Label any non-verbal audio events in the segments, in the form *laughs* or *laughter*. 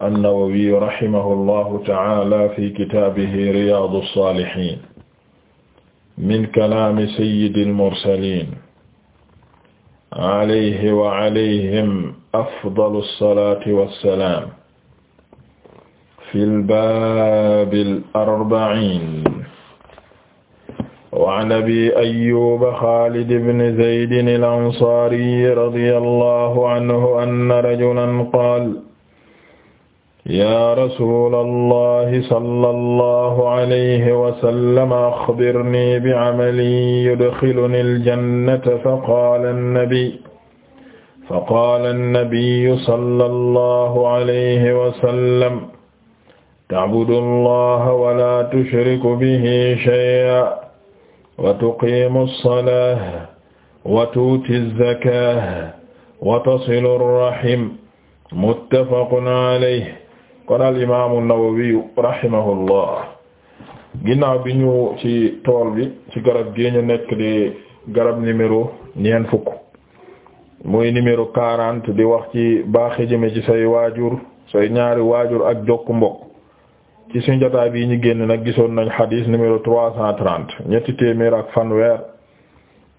an-Nawawi rahimahullahu ta'ala fi kitaabihi Riyaadu s-Saalihiin min kalaami sayyidil mursaliin alayhi wa alayhim afdalu s-salaati wa s-salaam fil baabil arba'iin wa an Abi Ayyuub Xaalid ibn Zayd al-Ansaari radiyallahu anhu anna rajulan qaala yaa rasulalahi sallallahu alayhi wa sallam axbirnii bicamali yudxiluni aljannata faqaala nabi faqaala nabiyu sallallahu alayhi wa sallam tacbudu allaha wala tushriku bihi shay'an wa tuqiimu alsalata wa tuuti alzakata wa tasilu arrahim muttafaqun alayhi kon al imaamu an-Nawawi rahimahullah ginnaaw bi ñu ci tool bi ci garab gi ñu nekk di garab numéro ñeent fukk muy numéro di wax ci baaxe jëme ci say waajur say ñaari waajur ak jokk mbokk ci suñu jotaay bi ñu génn na gisoon nañ xadis numéro trois cent ñetti téeméer ak fanweer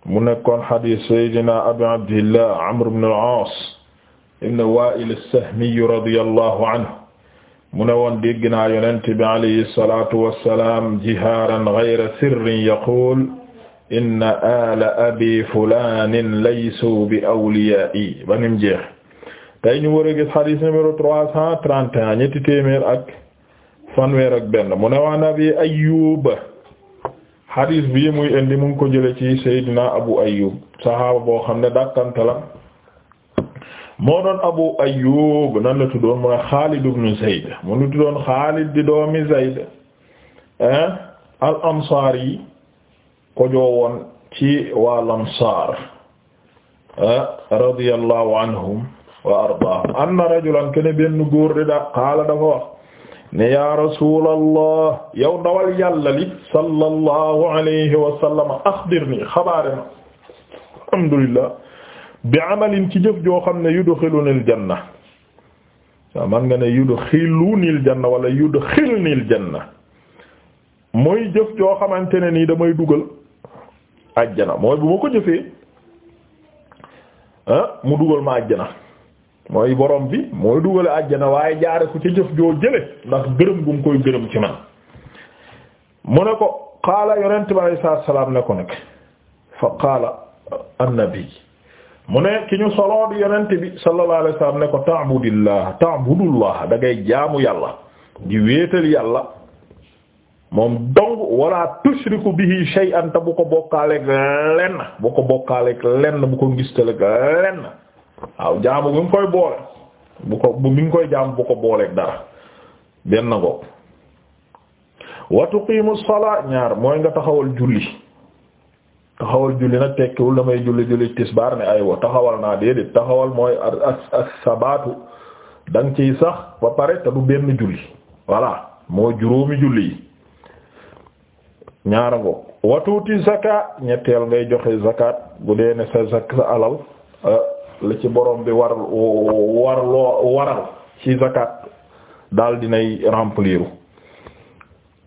mu nekkoon xadis saydina abu abdillah amr ibn aas ibn wa'il as-sahmi radiyallahu anhu mu ne woon dégg naa yonent bi alayhi salatu wassalam jihaaran ghayra sirrin yaqul inna ala abi fulanin laysu bi awliya'i banim jeex tey ñu war a gis xadis numéro trois cent trente et un ñetti téeméer ak fanweer ak benn mu ne waan abi ayyub xadis bii muy indi mu ngi ko jële ci sayyidina abu ayyub sahaaba boo xam ne dàkkantala moo doon Abu Ayyub nan la tuddoon mooy Xaalid ibn Zayd mu ngi tuddoon Xaalid di doomi Zayd al ansaar yi ko joowoon ci waa lansaar radiyallahu anhum wa ardaahum anna rajulan kene benn góor di da qaala ne ya rasuulallah yow ndawal yàlla li sallallahu alayhi wa sallam axbirni xabaare alhamdulillah bi amalin ci jëf joo xam ne yudxilunil janna waaw man nga ne yudxilunil janna wala yudxilnil janna mooy jëf joo xamante ne nii damay dugal ajjana mooy bu ma ko jëfee ah, mu dugal ma ajjana mooy borom bi mooy dugale ajjana waaye jaare ko ca jëf joo jële ndax gërëm gu mu koy gërëm ci man mu ne ko qaala yonent bi alayhi salaam ne ko nekk fa qaala annabi mu ne ki ñu soloo di bi sallallahu alayhi wasallam ne ko ta'budillah ta'budullah da ngay jaamu yàlla di wéetal yàlla moom dong wala tushriku bihi shay'an te bu ko bokkaaleeg lenn bu ko bokkaaleeg lenn bu ko ngistaleeg lenn waaw jaamu bi nga koy boole bu ko bu mi ngi koy jaam bu ko booleeg dara benn ngoog wa tuqimu salaa ñaar mooy nga taxawal julli taxawal julli na tekkiwul damay julli julli tisbaar ne aywa taxawal naa déedéet taxawal mooy ak sabaatu da ciy sax ba pare te du benn julli voilà moo juróomi julli yi ñaara ngo watuuti zakat ñetteel ngay joxe zakat bu dee ne sa zak sa alal euh, la ci borom bi war war loo waral ci zakat daal dinay remplir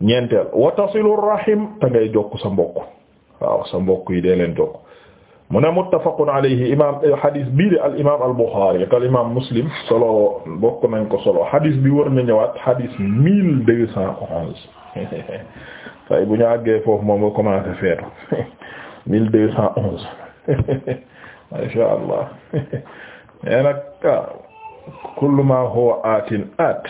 ñeenteel watasilu rahim te ngay jokk sa mbokk waaw sa mbokk yi dee leen jokk mu ne muttafaqun alayhi imaam hadis eh, bii de al imaam al Buxaari Muslim solo bokk nañ ko solo hadis bi war na ñëwaat hadis mille deux cent onze *laughs* tay bu ñu àggee foofu moom nga commencé feetu *laughs* mille deux cent onze *laughs* masha Allah mais ah, ma huwa atin at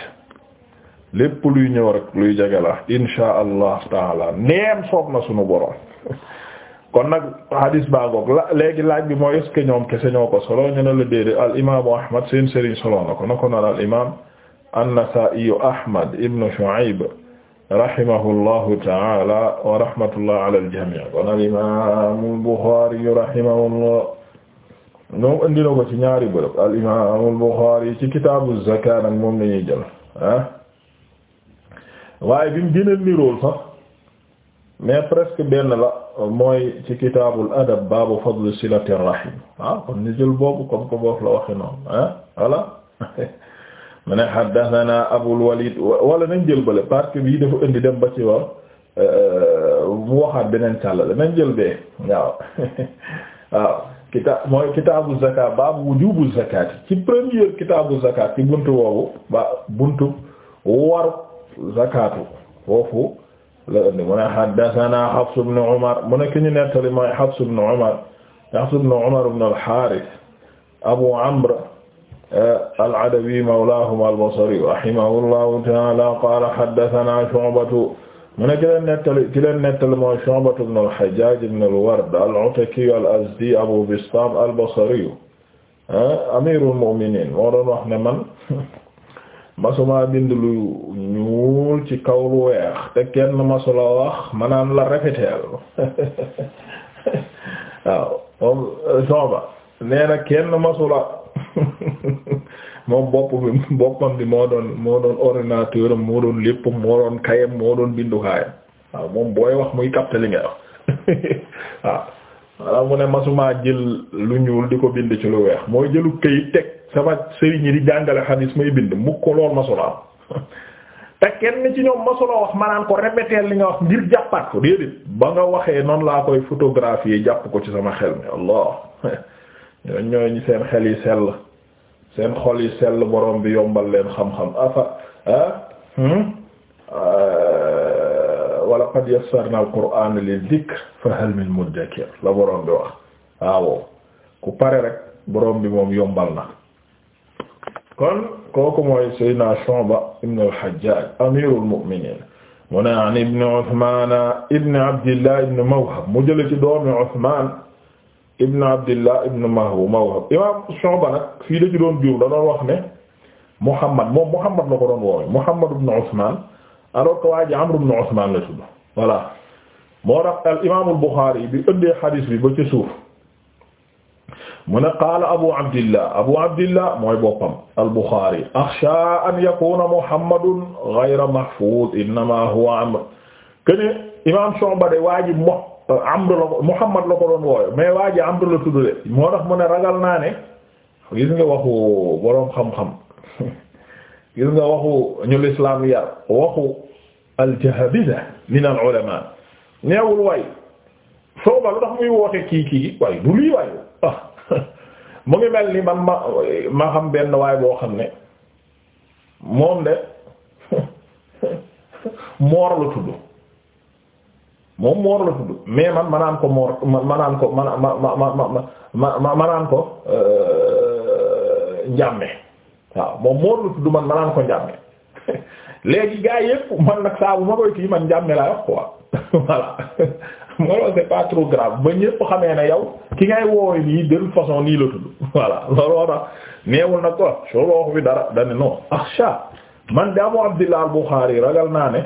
lépp luy ñëw rek luy jege la insha allah taala neem soob na sunu borom kon nag hadis baagoog la léegi laaj bi mooy est-ce que ñoom kese ñoo ko solo ñu ne la déedéet al imaamu Ahmad seen solo na ko na ko noon al imaam an-Nasaa'i Ahmad ibn Shu'ayb rahimahullahu taala wa rahmatullah ala al-jamii' kon al imaamu al-Buxaari rahimahullah ñoom indi na ko ci ñaari bërëb al imaamu al-Buxaari ci kitaabu zakaat nag moom la ñuy ah. waaye bi mu gën a nirool sax mais presque benn la mooy ci kitaabul adab baabu fadl silati rahim waaw kon ñu jël boobu comme ko boof la waxe noonu ah voilà *laughs* mu ne haddathana abul walid wala nañ jël bale parce que bii dafa indi dem ba ci war euh, mu waxaat beneen càllale nañ jël bee waaw *laughs* waaw kitaab mooy kitaabu zakat baabu wujubu zakat ci première kitaabu zakat ci buntu woowu ba buntu waru zakatu foofu la indi mu ne haddathana Hafs ibn Umar mu ne ki ñu nettali mooy Hafs ibn Umar Hafs ibn Umar ibn al-Harith Abu Amr eh, al-Adawi mawlahum al-Basri rahimahullahu ta'ala qala haddathana Shu'batu mu ne ki leen nettali ki leen nettali mooy Shu'batu ibn al-Hajjaj ibn al-Ward al-Ataki al-Azdi Abu Bistam al-Basri eh, amirul mu'minin moo doon wax ne man *laughs* masuma bind lu ñuul ci kaw lu weex te kenn masula wax manaan la rafeteel *laughs* waaw moom euh, sonba nee na kenn masula *laughs* moom bopp bi boppam bi moo doon moo doon ordinateur moo doon lépp moo doon kayam moo doon bindukaayam waaw moom booy wax muy capter nga wax *laughs* waaw walla mu ne masuma jël lu ñuul di ko bind ci lu weex moo jëlu këyit teg sama sëriñ yi di jàngale xadiis may bind mukk ko lool ma solo te kenn ci ñoom ma solo wax ma ko répéter li nga wax ngir jàppaat ko déedéet ba nga waxee noonu laa koy yi jàpp ko ci sama xel mi allah ñooñ ñooñ seen xel yi sell seen xol yi sell borom bi yombal leen xam-xam ah, hmm? ah, walla wa laqad yassarna al-qur'ana lil-dhikr fa hal min muddakir la borom bi wax waaw ku pare rek borom bi moom yombal na kon kooku mooy Seydina Shu'ba ibn al-Hajjaj amirul mu'minin mu ne an ibn Uthman ibn Abdillah ibn Mawhab mu jële ci doomi Uthman ibn Abdillah ibn Mahwu Mawhab imam Shu'ba nag fii da ci doon jiw da doon wax ne Muhammad moom Muhammad la ko doon woowe Muhammad ibn Uthman alors que waa ji Amr ibn Uthman la tudd voilà moo tax al imaamul Bukhari bi ëndee xadiis bi ba ci suuf mu ne qaala abu abdillah abu abdillah mooy boppam al-Bukhari axsha an yakuna muhammadun ghayra mahfuz innama huwa amr kene imam Shu'ba de waa ji mo amr la ko muhammad la ko doon wooyo mais waa ji amr la tuddule moo tax mu ne ragal naa ne gis nga waxu boroom xam-xam *laughs* gis nga waxu ñu lislaam yar waxu al-jahabiza min al-ulama neewul waay Shu'ba lu tax muy woote kii kii waay du lii waay ah *laughs* mu ngi mel ni man ma ma xam benn waay boo xam ne moom de *laughs* moor la tudd moom moor la mais man ma ko moor ko ma ko euh, njàmme waaw moom moor la man ma ko njàmme *laughs* léegi gars yëpp man nag saa bu ma koy kii man njàmme laa wax quoi *laughs* voilà loolu c'est pas trop grave ba ñëpp ne yow ki ngay woowe nii de toute façon nii la tudd *laughs* voilà neewul nag ko soo wax bi dara dane non akhsha man de Abu Abdillah al-Bukhari ragal naa ne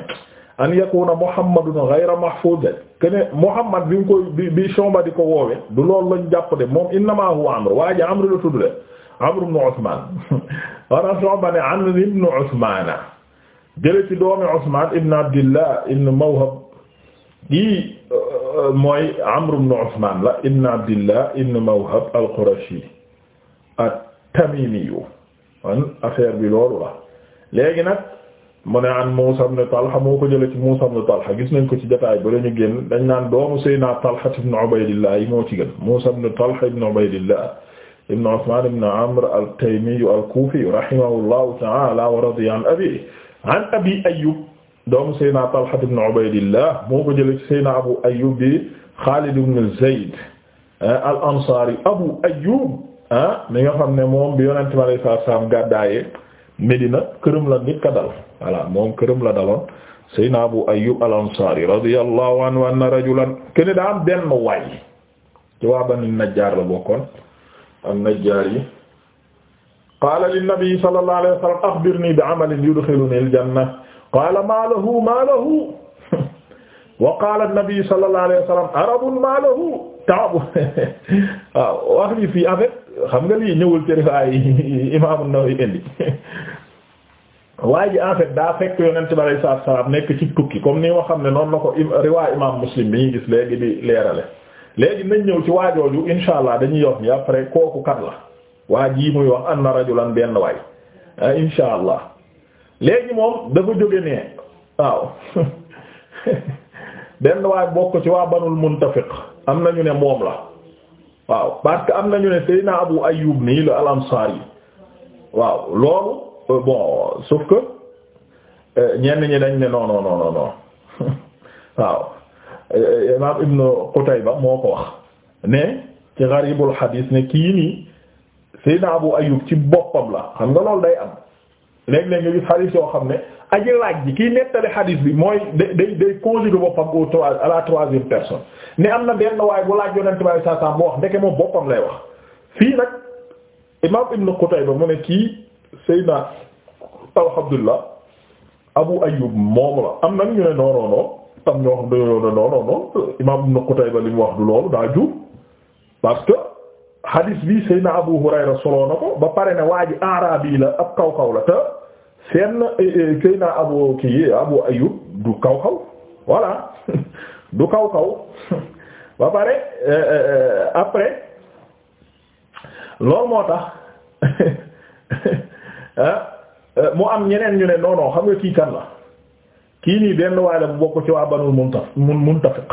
an yakuna Muhammadun ghayra mahfuz kene Muhammad bi mu koy bi bi Shu'ba di ko woowe du loolu lañ jàpp moom innama huwa Amr waa ji Amr la tudd de Amr ibn Uthman *laughs* wara ne Amr ibn Uthman jële ci doomi Usmaan ibn Abdillah ibn Mawhab gi euh, mooy Amr ibn Usmaan la ibn Abdillah ibn Mawhab al-Qurashi at-Tamimi an affaire bi loolu la léegi nag mu ne an Muusaa ibn Talha moo ko jële ci Muusaa ibn Talha gis nañ ko ci jotaay ba la ñu génn dañ naan doomu Seydina Talha ibn Ubaydillah yi moo ci gën Muusaa ibn Talha ibn Ubaydillah ibn Usmaan ibn Amr al-Taymi al-Kufi rahimahullahu ta'ala wa radiya an abihi an abi ayub doomu saydna talha ibn ubaydillah moo ko jële ci saydna abu ayub bi xaalid ibn zayd ah, al ansari abu ayub ah mi nga xam ne moom bi yonente bi alayhi salaatu salaam gàddaaye Medina këram la nit ka dal voilà moom këram la daloon saydna abu ayub al ansari radiyallahu anhu anna rajulan kene daa am benn waay ci waa bani najjaar la bokkoon an najjaar yi qaala linnabii sallallahu alayhi wa sallam axbirnii bi amalin yudxilunii al-janna qaala maa lahu maa lahu *laughs* wa qaala an-nabii sallallahu alayhi wa sallam arabun maa ta'ab waaw *laughs* ah, wax li fii en xam nga lii ñëwul ci riwaay *laughs* Imaam An-Nawawi indi waaye ji en fait daa fekk Yonent bi alayhi salaam nekk ci tukki comme ni nga xam ne noonu la ko riwaay Imaam Muslim bi ñu gis léegi di leerale léegi nañ ñëw ci waajooju inshaa Allah dañuy yox ni après kooku kat la waa jii muy wax anna rajulan benn waay ah, insha allah léegi moom dafa jóge ne waaw *laughs* benn waay bokk ci waa banul muntafiq am nañu ne moom la waaw parce que am nañu ne Seydina Abu Ayyub nii la al ansari waaw loolu euh, bon sauf que euh, ñenn ñi dañ ne non non non non *laughs* waaw euh, Ibn Qutayba moo ko wax ne ci gharibul hadith ne kii nii Seydina Abu Ayyub ci boppam la xam nga loolu day am léeg-léeg nga gis xadiis yoo xam ne aji laaj ji kiy nettali xadiis bi mooy day day conjugué boppam au trois à ne am na benn waaye bu laaj yonent bi saa saa mu wax ndeke moom boppam lay wax. fii nag imaam Ibn Qutayba mu ne kii Seydina alhamdulilah Abu Ayyub moom la am na ñu ne non non non ñoo xam ne non non non imaam Ibn Qutayba li mu wax du loolu daa juum parce que. hadis bi Seydina Abu Hurayra soloo na ba pare ne waa ji arabi la ab kaw-kaw la te seen eh, eh, Seydina Abu kii Abu Ayyub du kaw-kaw voilà *laughs* du kaw-kaw *laughs* ba pare eh, après loolu moo tax *laughs* ah, mu am ñeneen ñu ne non xam nga kii kan la kii nii benn waay la bu bokk ci waa Banul Muntaf Muntafiq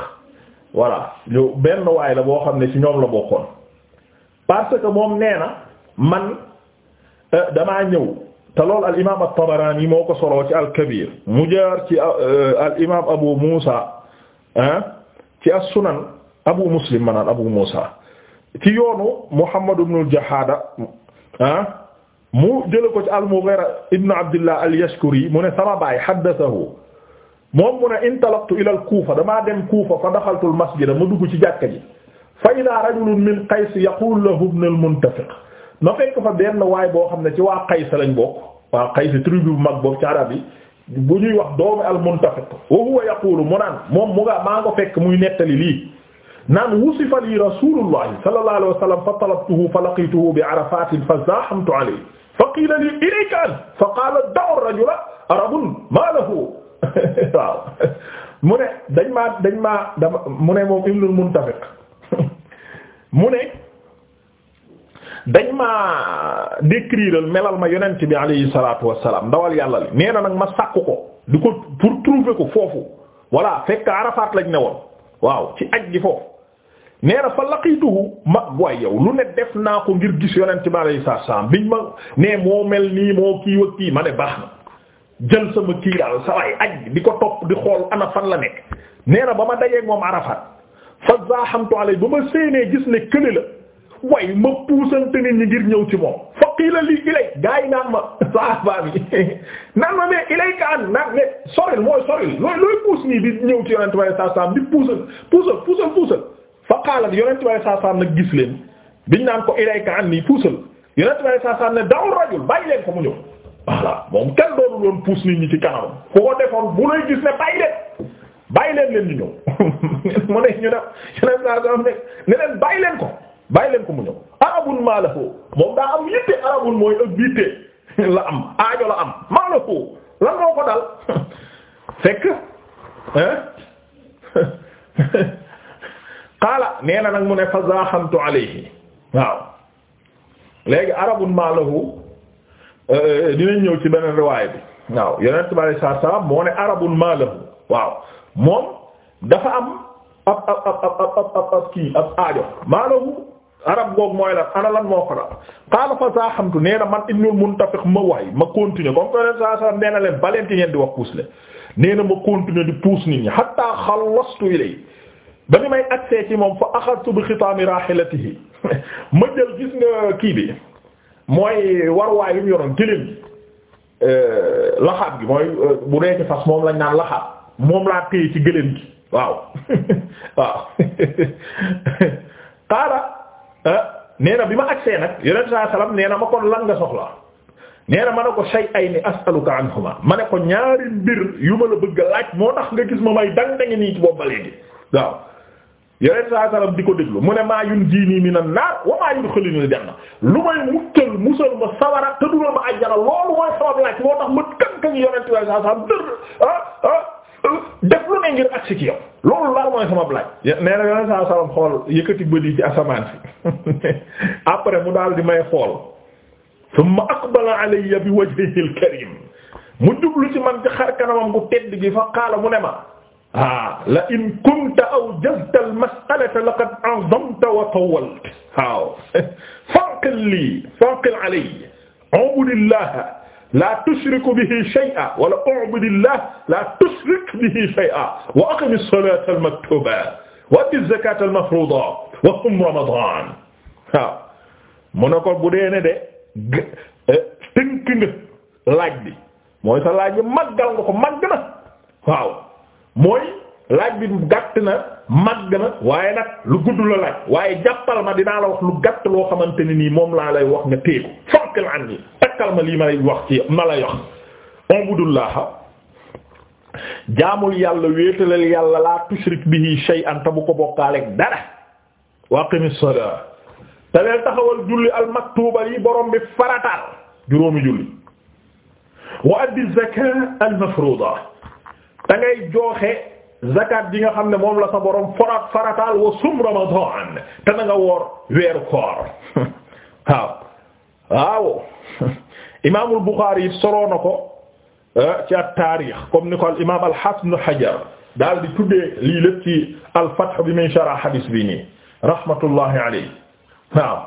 benn waay la boo xam ne ci ñoom la bokkoon. parce que moom nee na man euh, damaa ñëw te lool al imaam at-Tabarani moo ko soloo ci al-Kabir mu jaar ci euh, al imaam Abu Musa ah ci as-Sunan Abu Muslim maanaam Abu Musa ci yoonu Muhammad ibn al-Jahada ah mu jële ko ci al-Mughira ibn Abdillah al-Yashkuri mu ne sama baay haddathahu moom mu ne intalaqtu ila al-Kufa damaa dem Kufa fa daxaltu al-masjida ma dugg ci jàkka ji. fa ida rajulun min qays yaqulu lahu ibn al muntafiq na fekk fa benn waay boo xam ne ci waa qays lañ bokk waa qays tribu bu mag boobu ci arab yi bu ñuy wax doomu al muntafiq wa huwa yaqulu mu naan moom mu nga maa nga fekk muy nettali lii naan wusifa li rasulullahi sallallahu alayhi wa sallam fa talabtuhu fa laqituhu bi arafatin fa zahamtu alayhi fa qiila li ilayka an fa qaala da'u rajula arabun ma lahu *laughs* waaw *laughs* mu ne dañ maa dañ maa dama mu ne moom ibnul muntafiq mu ne dañ ma décrire melal ma yonent bi alayhi salaatu wassalaam ndawal yàlla li na nag ma sàkk ko di ko pour trouver ko foofu voilà fekk Arafat lañ ne woon waaw ci aj gi foofu nee na fa laqituhu ma booy yow lu ne def naa ko ngir gis yonent bi alayhi salaatu wassalaam biñ ma nee moo mel nii moo kii wa kii ma ne baax na jël sama kii daal sa aj di ko topp di xool ana fan la nekk nee ba ma dajeeg moom Arafat fa zaaxamtu alay ba ma séenee gis ne kële la way ma puusante nit ñi ngir ñëw ci moom fa qiila lii ilay gaa yi naan ma saaba bi naan ma mais ilay ka an naan mais soril mooy soril looy looy puus nii di ñëw ci yonent bi saa saam di puusal puusal puusal puusal fa qaala yonent bi saa saam gis leen biñ naan ko ilay ka an nii puusal yonent bi saa saam ne da'u rajul bàyyi leen ko mu ñëw voilà moom kenn doonul woon puus nit ñi ci kanam ku ko defoon bu bàyyi leen leen ñu ñëw *laughs* mu ne ñu ne ne ne leen leen ko bàyyi leen ko mu ñëw arabun maalahu moom daa am yitte arabun mooy ak yitte *laughs* la am aajo la am maalahu lan moo ko dal *laughs* fekk qaala nee na nag mu ne fa zaaxamtu alayhi waaw léegi arabun maalahu euh, dinañ ñëw ci beneen riwaay bi waaw yeneen tubaab yi saa saa moo ne arabun maalahu waaw moom dafa am ab ab ab ab ab ab kii ab aajo maalahu arab goog mooy lan ana lan moo ko la qaala fa zaaxamtu nee na man ibnul muntafiq ma waay ma continuer comme que leen saa saa nee na leen balenti ngeen di wax puus le nee na ma continuer di puus nit ñi hatta xallastu ilay ba ni may accès ci moom fa axadtu bi xitaami rahilatihi *laughs* ma jël gis nga kii bi mooy waruwaay yi mu yoroon gëléem gi euh, laxaab gi mooy euh, bu dee ci fas moom lañ naan laxaab moom laa téye ci gëléem gi waaw *laughs* waaw xaala *laughs* ah, nee bi ma agsee nag yonent saa salaam nee ma kon lan nga soxla nee na ma ne ko shay'ayni as'aluka anhuma ma ne ko ñaari mbir yu ma la bëgg a laaj moo tax nga gis ma may dang dangi nii ci boobu ba léegi waaw yonent saa salaam di ko déglu mu ne maa yunjiinii minan naar wa maa yudxilunii janna lu may muccal musal ma sawara te dugal ma ajjana loolu mooy sabab laaj moo tax ma tënk ak yonent saa salaam dër ah ah def lu ne ngir agsi ci yow loolu daal mooy sama blaaj nee na yoneen saa salam xool yëkkati bëli ci asamaan si *laughs* après mu daal di may xool summa aqbala alayya bi wajhihi al-karim mu jublu ci man ci xar kanamam gu tedd gi fa qaala mu ne ma ah la in kunta awjazta al-mas'alata laqad a'zamta wa tawwalta *laughs* waaw *laughs* fanqil lii fanqil alayya ubudillah la tushriku bihi shay'a wala u'budillah la tushrik bihi shay'a wa aqimi salata al-maktuba wa ati zakata al-mafruda wa sum ramadan waaw mu ne ko bu dee ne de e, tënk nga laaj bi mooy sa laaj bi màggal nga ko màgg na waaw mooy laaj bi gàtt na màgg na waaye nag lu gudd la laaj waaye jàppal ma dinaa la wax lu gàtt loo xamante ne nii moom laa lay wax nga téeku fankal an yi takkal ma lii ma lay wax ci ma lay wax ubudullaha jaamul yàlla wéetalal yàlla laa tushrik bihi shay'an te bu ko bokkaaleeg dara waqimis salaa te leen taxawal julli al maktuba yi borom bi farataal juróomi julli wa addi zakaa al mafruuda da ngay joxe zakat bi nga xam ne moom la sa borom farat farataal wa sum ramadan te na nga woor weeru koor *laughs* waaw waaw *laughs* imaamul Buxaari it ko eh, ci at taarix comme ni ko al imaam al-Hasan Hajar daal di tuddee lii lépp ci al-Fath bi muy sharh hadis bi nii rahmatullahi alayhi waaw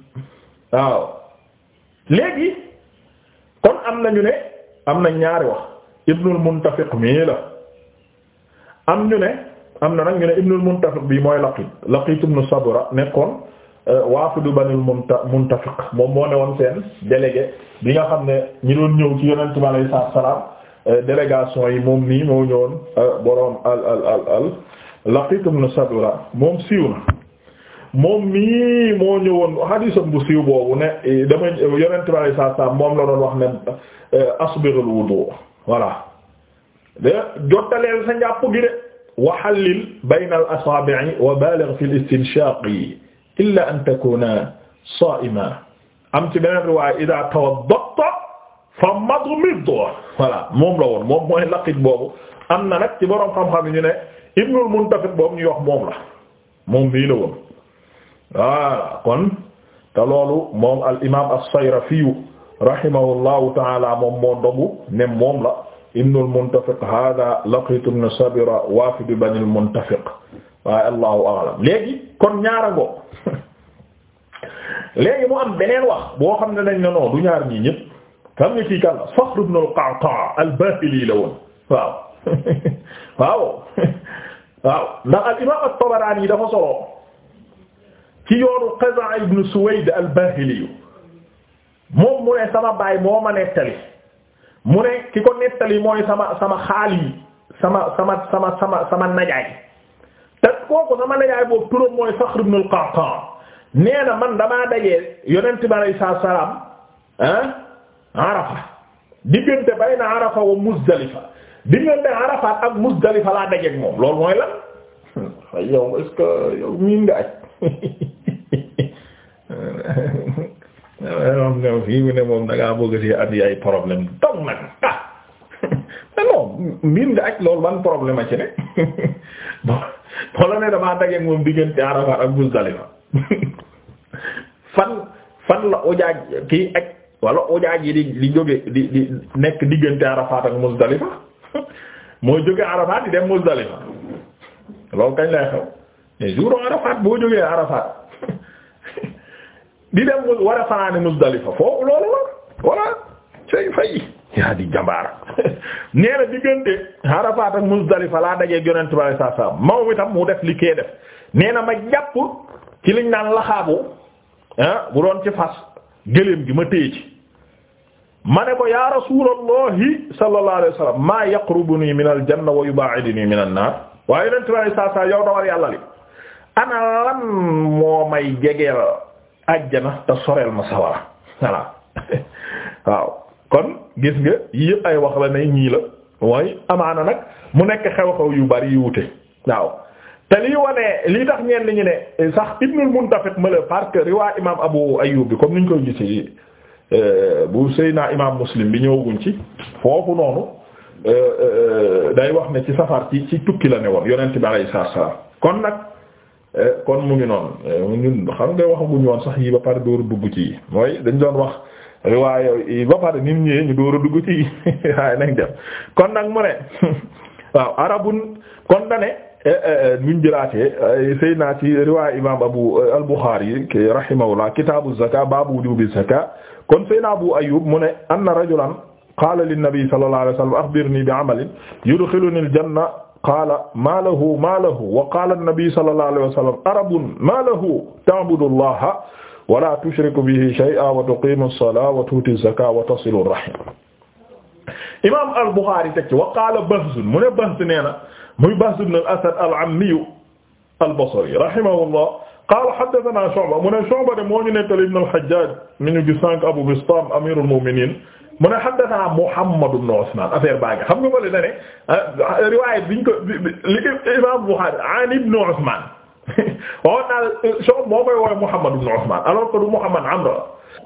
*laughs* waaw kon am nañu ne am na ñaari wax Ibnul Muntafiq mii am ñu ne am na nag ñu ne ibnul muntafiq bi mooy laqit laqit ibnu sabra nekkoon euh, du banil munta muntafiq moom moo ne woon seen délégué bi nga xam ne ñi doon ñëw ci yonent bi alayhi salaam euh, délégation yi moom nii moo ñëwoon euh, boroom al al al al laqit ibnu sabra moom siiw na moom mii moo ñëwoon hadisam bu siiw boobu ne eh, dama yonent bi alayhi salaam moom la doon wax ne asbirul wudu voilà jottaleel sa njàpp gi de wa xallil bayna al asaabi'i wa baalig fi al istinshaaqi illa an takuna saa'ima am ci beneen riwaaya idaa tawadda'ta fa madmid voilà moom la woon moom mooy laqit boobu am na nag ci boroom xam-xam yi ñu ne ibnul muntafid boobu ñuy wax moom la moom bii la woon voilà kon te loolu moom al imaam as-sayrafiyu rahimahullahu ta'ala moom moo dogu ne moom la. ibnul muntafiq hada laqitu ibn sabira waafidu banil muntafiq waaye allahu a'lam léegi kon ñaara ngoo am beneen wax boo xam ne dañ ne ñaar ñii ñëpp xam nga kii kan la Saxr ibn *laughs* *laughs* al waaw waaw al-Imam at yi dafa solo ci yoonu Qaza'a ibn Suwayd moom mu ne sama baay moo ma nettali mu ne ki ko nettali mooy sama sama xaali sama sama sama sama sama najaay te kooku sama najaay boobu turam mooy Saxr ibn al-Qa'qa' nee na man damaa dajee yonent bi alayhi salaam ah Arafa diggante bayna Arafa wa Muzdalifa diggante Arafa ak Muzdalifa laa dajeek moom loolu mooy lan *laughs* yow est-ce miin nga aj *laughs* Eh, am ne fii mu ne moom da ngaa bëgg ci andi ay problème dong nag ah *laughs* non mbir nga ak loolu ban problème a ci ne *laughs* boo la ne damaa dajeeg moom diggante Arafat ak Muzdalifa *laughs* fan fan la wala ojaaj yi di di jóge di di nekk diggante Arafat dem Muzdalifa loolu kañ lay xew mais jour Arafat boo jógee Arafat. di dem war a fanaani Muzdalifa foofu loolu la voilà say fay yaa di jambaara *laughs* nee na diggante Arafat ak Muzdalifa laa dajee yonent bi sallallahu maw mi tam mu def li kee def nee na ma jàpp ci liñ naan laxaabu ah bu doon ci fas gëléem gi ma téye ci ma ne ko ya rasulallahi sallallahu alayhi wasallam maa yaqrubuni min al janna yonent bi sallallahu alayhi wasallam yow yàlla li ana moo may jegeel ajjana te soreel ma sawara voilà *laughs* waaw kon gis nga yii yëpp ay wax la ne ñii la mooy amaana nag mu nekk xew-xew yu bari yu wute waaw te lii wane lii tax ngeen ñenn ñu ne eh, sax Ibnul Muntafiq ma la parce que imaam Abu Ayyub bi comme niñ koy gisee eh, bu Seyna imaam Muslim bi ñëwaguñ ci foofu noonu eh, day wax ne ci safar ci ci tukki la ne woon yonent bi alayhi salaam kon nag. Eh, kon mu ngi noonu ñun eh, xam nga waxaguñu woon sax yi ba pare dooru dugg ci yi mooy dañ doon wax waaye ba pare nit ñëwee ñu dooru dugg ci yi *laughs* waaye nañ def kon nag mu ne *laughs* waaw arabun kon dane luñ eh, jëlaatee sëy naa ci riwaaya imam abu al-Bukhari ki rahimahullah kitaabu zaka baabu wujubi zaka kon sëy naa abu ayub mu ne anna rajulan qala linnabi sallallahu alayhi wa sallam akhbirni bi amalin yudkhiluni al-janna qaala maa lahu maa lahu wa qaala an-nabi sallallahu alayhi wa sallam arabun maa lahu ta'budu allaha wa la tushriku bihi shay'an wa tuqimu as-salata wa tu'ti az-zakata wa tasilu ar-rahim imam al-Bukhari teg ci wa qaala Bahz mu ne Bahz nee na muy Bahz ibn al-Asad al-Ammi al-Basri rahimahullah qaala haddathana Shu'ba mu ne Shu'ba de moo ñu nettali ibn al-Hajjaj mi ñu gis sànq Abu Bistam amirul mu'minin mu ne haddathana Muhammad ibn Usman affaire baa ngi xam nga bële na ah, ko li Imam Bukhari an ibn Usman *laughs* on daal soo moo koy woowe Muhammad ibn Usman alors que du Muhammad Amr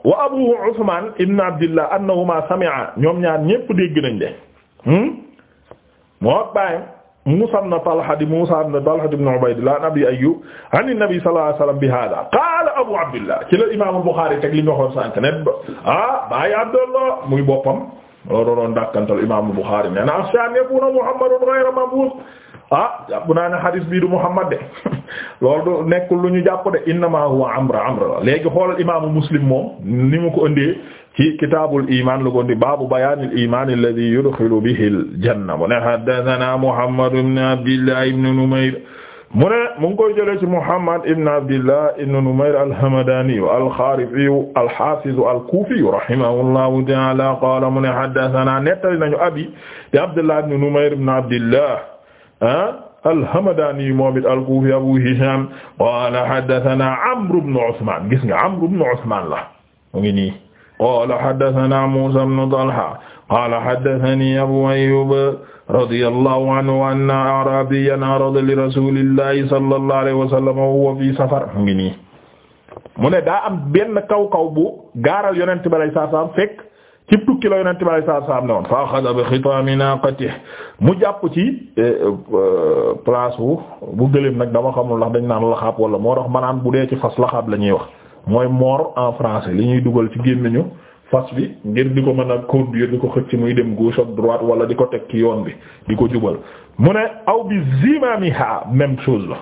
wa abuhu Usman ibn Abdillah annahuma sami'a ñoom ñaar ñépp dégg nañ de hmm? moo baayam Muusaa ibn Talha di Muusaa ibn Talha ibn Ubaydillah an Abi Ayyub an Nabi sallallahu alayhi wa sallam bi haaza qaala Abu Abdillah ci la Imaam Buxaari teg li ñu waxoon sànq ne ah baay Abdallah muy boppam looloo doon dàkkantal Imaam Buxaari nee naa sha'ni yakuna Muhammadun ghayra mab'uuth ah jàpp naa ne hadis bii du Muhammad de *laughs* loolu du nekkul lu ñu jàpp de innamaa huwa Amr Amr léegi xoolal Imaamu Muslim moom ni mu ko ëndee. ci kitaabul imaan lu ko ndi baabu bayaanil imaan alladhi yudxilu bihil janna mu ne haddathana Muhammad ibn Abdillah ibn Numayr mu ne mu ngi koy jëlee ci Muhammad ibn Abdillah ibn Numayr al-Hamdaani al-Khaarifi al-Haafiz al-Kuufi rahimahullahu ta'aala qaala mu ne haddathana nettali nañu abi di Abdillah ibn Numayr ibn Abdillah ah, alhamadani moom it alkuufi abu Hishaam qaala haddathana Amr ibn Usmaan gis nga Amr ibn Usmaan la mu ngi nii qaala haddasanaa Muusaa ibnu Talha qaala haddasanii Abuu Ayyuub radiyallaahu anhu anna a'raabiyyan arada li rasuulillaahi sallallaahu alayhi wa sallam wa huwa fii safar mu ngi nii mu ne daa am benn kaw kaw bu gaaral yonent bi alayhi salaam fekk ci tukki la yonent bi alayhi salaam ne woon fa axada bi xitaami naaqatihi mu jàpp ci eh, eh, place bu bu gëléem nag dama xamul ndax dañ naan laxaab wala moo tax ma naan bu dee ci fas laxaab la ñuy wax. mooy moor en français li ñuy dugal ci gémmiñu fas bi ngir di ko mën a conduire di ko xëcc muy dem gauche ak wala di ko teg ci yoon bi di ko jubal mu ne aw bi zimamiha même chose la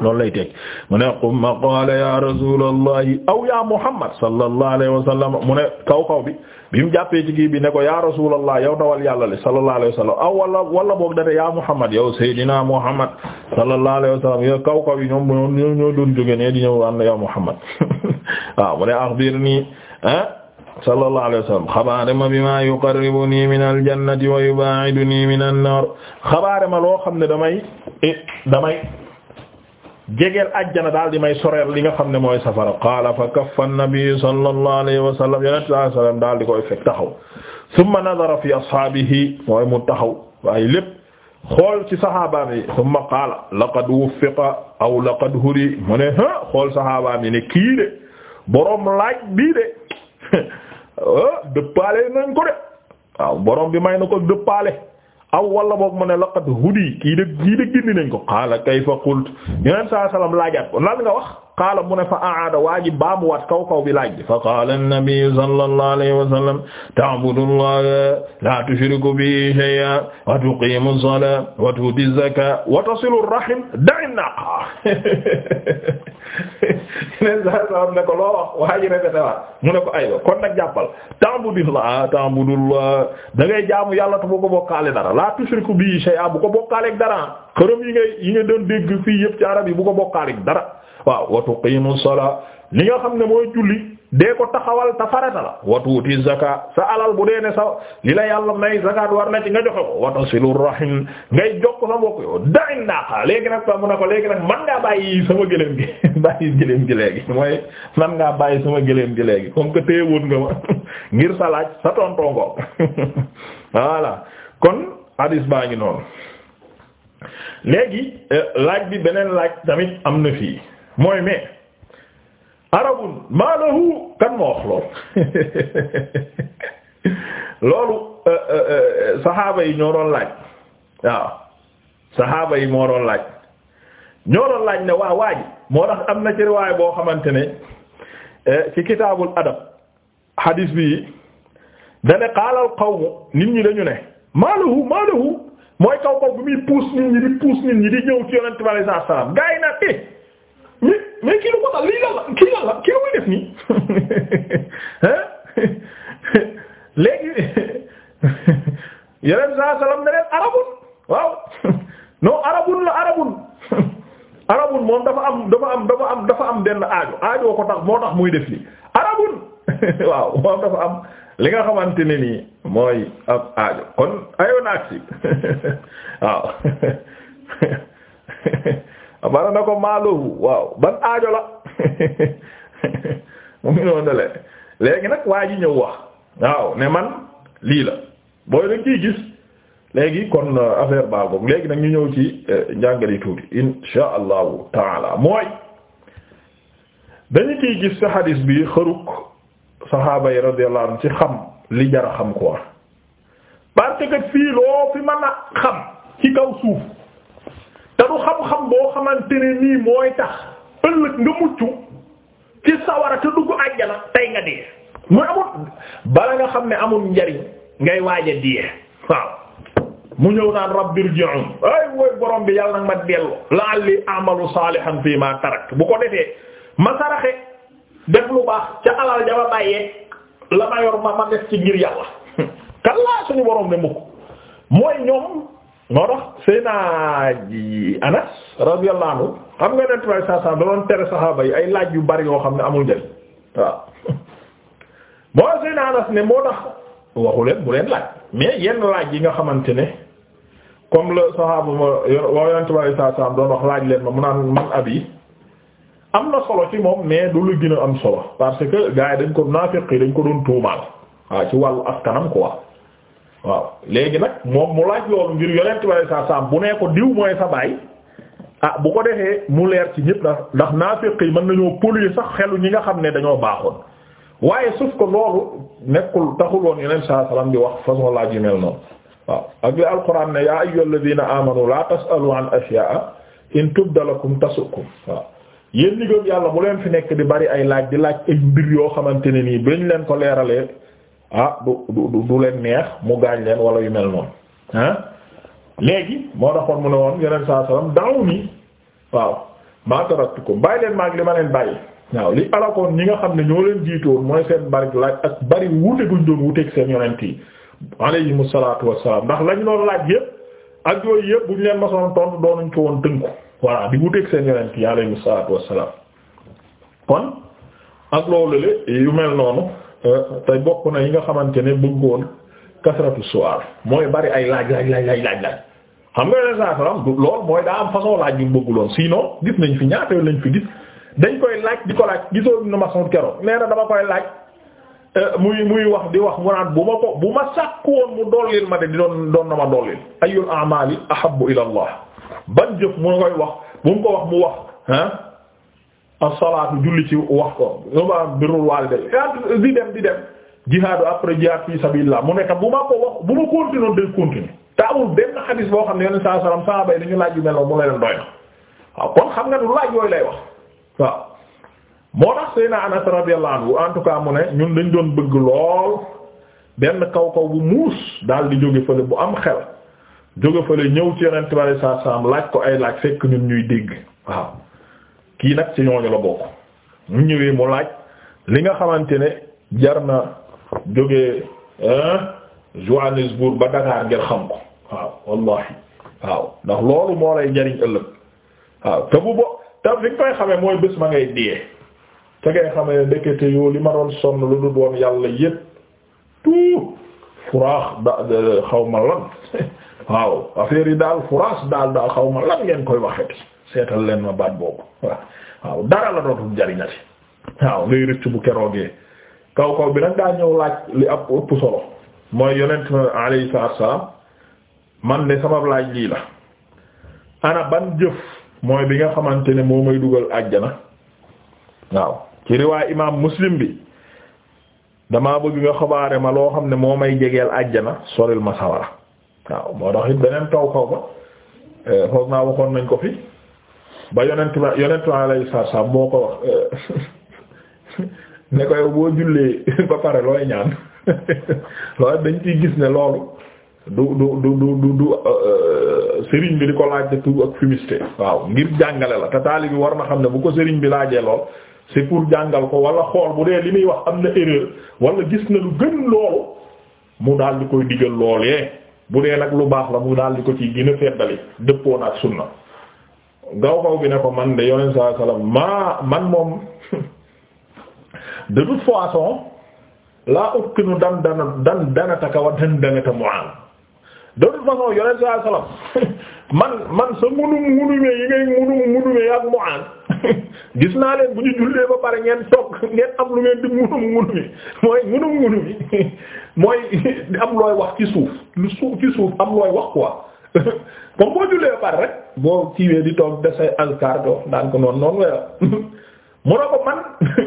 loolu lay teg mu ne qumma qaala ya rasulullah aw ya muhammad sallallahu alayhi wa sallam mu ne kaw kaw bi bi mu jàppee ci kii bi ne ko ya rasulallah yow dawal yàlla li sallallahu alayhi wa sallam aw wala wala boog date ya muhammad yow saydina muhammad sallallahu alayhi wa sallam yow kaw kaw yi ñoom ñoo ñoo doon jóge ne di ñëw ànd yow muhammad *laughs* waaw mu ne axbirni ah, sallallahu alayhi wa sallam xabaare ma bima yuqarribuni min aljannati wa yuba'iduni min an-nar xabaare ma loo xam ne damay eh, damay jegeel ajjana daal di may soreel li nga xam ne mooy safara qaala fa kaffa an-nabi sallallahu alayhi wa sallam yonent sallallahu alayhi wa sallam daal di koy fekk taxaw summa nadara fi ashaabihi mooy mu taxaw waaye lépp xool ci saxaabaam yi summa qaala laqad wuffiqa aw laqad hudi mu xool saxaabaam yi ne kii de borom laaj bii de ah *laughs* dëppaale nañ ko borom bi may na ko dëppaale. aw wala boog mu ne laqad hudi kii de kii de gindi nañ ko qaala kayfa qult yeneen saa salaam laajaat ko lan nga wax qaala mu ne fa aada waa ji baamuwaat kaw kaw bi laaj fa qaala an-nabi sallallahu alayhi wa sallam ta'budu allaha la tushriku bihi shay'an wa tuqimu as-salata wa tu'ti az-zakata wa tasilu ar-rahim naaqa yeneen saa saa ne ko loo wax waa ji répété waat mu ne ko aywa kon nag jàppal ta'budullah ta'budullah da ngay jaamu yàlla te bu ko bokkaale dara la tushriku bihi shay'a bu ko bokkaaleeg dara xërëm yi ngay yi nga doon dégg fii yëpp ci arab yi bu ko bokkaaleeg dara waaw wa tuqimu sala li nga xam ne mooy julli. dee ko taxawal ta farata la watuuti zaka sa alal bu dee ne sa li la yàlla may zakat war na ci nga joxe ko watasilu rahim ngay jox ko sa mbokk yow dain naaqa léegi nag pa mu ne ko léegi nag man ngaa bàyyi sama gëléem gi *laughs* bàyyi gëléem gi léegi mooy man ngaa bàyyi sama gëléem gi léegi comme que téewoon nga ma *laughs* ngir sa laaj sa tontongo *laughs* voilà kon hadis baa ngi noonu léegi eh, laaj bi beneen laaj tamit am na fii mooy mais arabun maa lahu kan moo lool loolu euh, euh, euh, saxaaba yi ñoo laaj waaw saxaaba yi moroon laaj ñoo doon laaj ne waa waa ji moo na ci riwaay boo xamante ni ci kitaabul adab hadis bi dane qaala al qawmu nit ñi dañu ne maa lahu maa lahu mooy kaw kaw bi muy puus nit ñi di puus nit ñi di ñëw ci yonent bi sallallahu alayhi wasallam gaa yi naan eh, mais kii lu ko dal lii lan la kii lan la kii lu muy def nii *laughs* *laughs* *laughs* ne leen arabun waaw non arabun arabun arabun moom dafa am dafa am dafa am dafa am benn aajo aajo ko tax moo tax muy def li waaw moom dafa am li nga xamante ne nii mooy ab aajo kon ayoon ak waaw bara na ko maaluhu waaw ban aajola la *laughs* mu ngi noonu le léegi nag waa ji ñëw wax waaw ne man lii la booy dañ ciy gis léegi kon euh, affaire baa boog léegi nag ñu ñëw ci euh, njàngale tuuti insha taala mooy dañu ciy gis ci xadiis bi xëruk saxaaba yi radiyallahu ci xam li jara xam quoi parce que fii fi mën a xam ci kaw suuf te du xam-xam boo xamante nii mooy tax ëllëg nga mucc ci sawara te dugg àjjana tey nga dee mooy amul bala nga xam ne amul njariñ ngay waaja diyee waaw mu ñëw naan rabbirji'un ay wooy borom bi yàlla nag ma dellu la'alli a'malu salihan fi ma tarak bu ko defee ma saraxe def lu baax ca alal ja bàyyee la ma yor ma ma def ci ngir yàlla *laughs* kan suñu borom ne mukk mooy ñoom moo tax Seyna Anas radiyallahu anhu am nga nent way sa sa da tere saxaaba yi ay laaj yu bari yoo xam ne amul njëriñ waaw moo Seyna Anas ne moo tax waxu bu leen laaj mais yenn laaj yi nga xamante ne comme la saxaaba ma wa yonent sa sa doon wax laaj leen ma mu naan man ab yi am na solo ci moom mais du lu gën am solo parce que gars yi dañ ko naafiq yi dañ ko doon tuumaal waaw ci wàllu askanam quoi waaw léegi nag moom mu laaj loolu ngir yonent bi saa saam bu nee ko diw mooy sa baay ah bu ko defee mu leer ci ñëpp ndax ndax naafiq yi mën nañoo polluer sax xelu ñi nga xam ne dañoo baaxoon waaye suuf ko loolu nekkul taxul woon yonent saa salaam di wax façon laaj yu mel noonu waaw ak li alquran ne yaa ayyuhal na amanu la tasalu an ashiya'a in tubda lakum tasukum waaw yéen ñi yàlla bu leen fi nekk di bari ay laaj di laaj ay mbir yoo xamante ne nii bañ leen ko leeralee. ah du du du leen neex mu gaañ leen wala yu mel noonu ah léegi moo taxoon mu ne woon yeneen saa salaam daaw nii waaw maa taraktukum bàyyi leen maag li ma leen bàyyi waaw li alakoon ñi nga xam ne ñoo leen jiitoon mooy seen bari laaj ak bari wuute guñ doon wuuteeg seen yonent yi alayhimu salaatu wassalaam ndax lañ doon laaj yépp ak yooyu yépp buñ leen masoon tontu doonuñ ko woon tënku voilà di wuuteeg seen yonent yi alayhimu salaatu wassalaam kon ak noonu. Euh, tey bokk na yi nga xamante ne bëggoon kasratu su'al mooy bari ay laaj laaj laaj laaj xam nga yeneen saa salaam lool mooy daa am façon laaj yu mu bëgguloon sinon gis nañ fi ñaata yoon lañ fi gis dañ koy laaj di ko laaj gisoo na ma sonn keroog nee na dama koy laaj. Euh, muy muy wax di wax mu naan bu ma ko bu ma sàkku woon mu dollil ma de di doon doon na ma dollil ayul a'mali ahabbu ila Allah ban jëf mu koy wax bu mu ko wax mu wax ah. as-salaatu julli ci wax ko ba birrul waalidayni di dem di dem jihaadu après jihaad fi mu nekk bu ma ko wax bu ma continuer day continuer te amul benn xadis boo xam ne yeneen saa salaam saaba laaj yu mel mu leen doy na xam nga du yooyu lay wax waaw. moo tax Seydina Anas radiyallahu anhu en tout cas mu ne ñun dañ doon bëgg lool benn kaw kaw bu muus daal di jóge fële bu am xel jóge fële ñëw ci yeneen tubaab yi saa salaam laaj ko ay laaj fekk ñun ñuy dégg waaw. kii nag ci ñooñu la bokk mu ñëwee mu laaj li nga xamante ne jar na jógee buur ba Dakar ngir xam ko waaw wallahi waaw ndax loolu moo lay jariñ ëllëg waaw te bu bo te fi nga koy xamee mooy bés ma ngay diyee te ngay xamee ndekete yoo li ma doon sonn lu du doon yàlla yépp tout furaax da xaw ma lan *laughs* waaw affaire yi daal furaas daal daal xaw ma lan ngeen koy waxeti seetal leen ma baat boobu waaw dara la dootul jariñati waaw ngay rëcc bu keroogee kaw kaw bi nag daa ñëw laaj li ab ëpp solo mooy yonent alayhi salaam man de sama laaj lii la ana ban jëf mooy bi nga xamante ne moo may dugal àjjana waaw ci riwaay imaam muslim bi damaa bëgg nga xabaare ma loo xam ne moo may jegeel àjjana soril ma sawara waaw moo tax it beneen kaw kaw ba eh, foog naa waxoon nañ ko fi ba yonent ba yonent ba alayhi salaam moo ko wax euh, *laughs* ne ko yow boo jullee *laughs* ba pare looy ñaan *laughs* loolu dañ ciy gis ne loolu du du du du du euh, sëriñ bi di ko laaj de tout ak fumiste waaw ngir jàngale la te taalibi war na xam ne bu ko sëriñ bi laajee lool c'est pour jàngal ko wala xool bu dee li muy wax am na erreur wala gis na lu gën loolu mu daal di koy digal loolee bu dee nag lu baax la mu daal di ko ci gën a feddali dëppoon ak sunna gaw gaw bi ne ko man de yoneen saa salaam maa man moom de toute façon laa ut ki nu dan dana dan danata ka wa dan danata mu am de toute façon yoneen saa salaam man man sa munum munumee yi ngay munum munumee ak mu am *laughs* gis naa leen bu ñu jullee ba pare ngeen toog ngeen am lu ngeen di munum munumee mooy munum munumee *laughs* mooy *laughs* am wax ci suuf lu suuf comme *laughs* boo jullee par rek boo kiiwee di toog desay alkaar doo daan ko noonu noonu wala *laughs* mu ne ko man *laughs*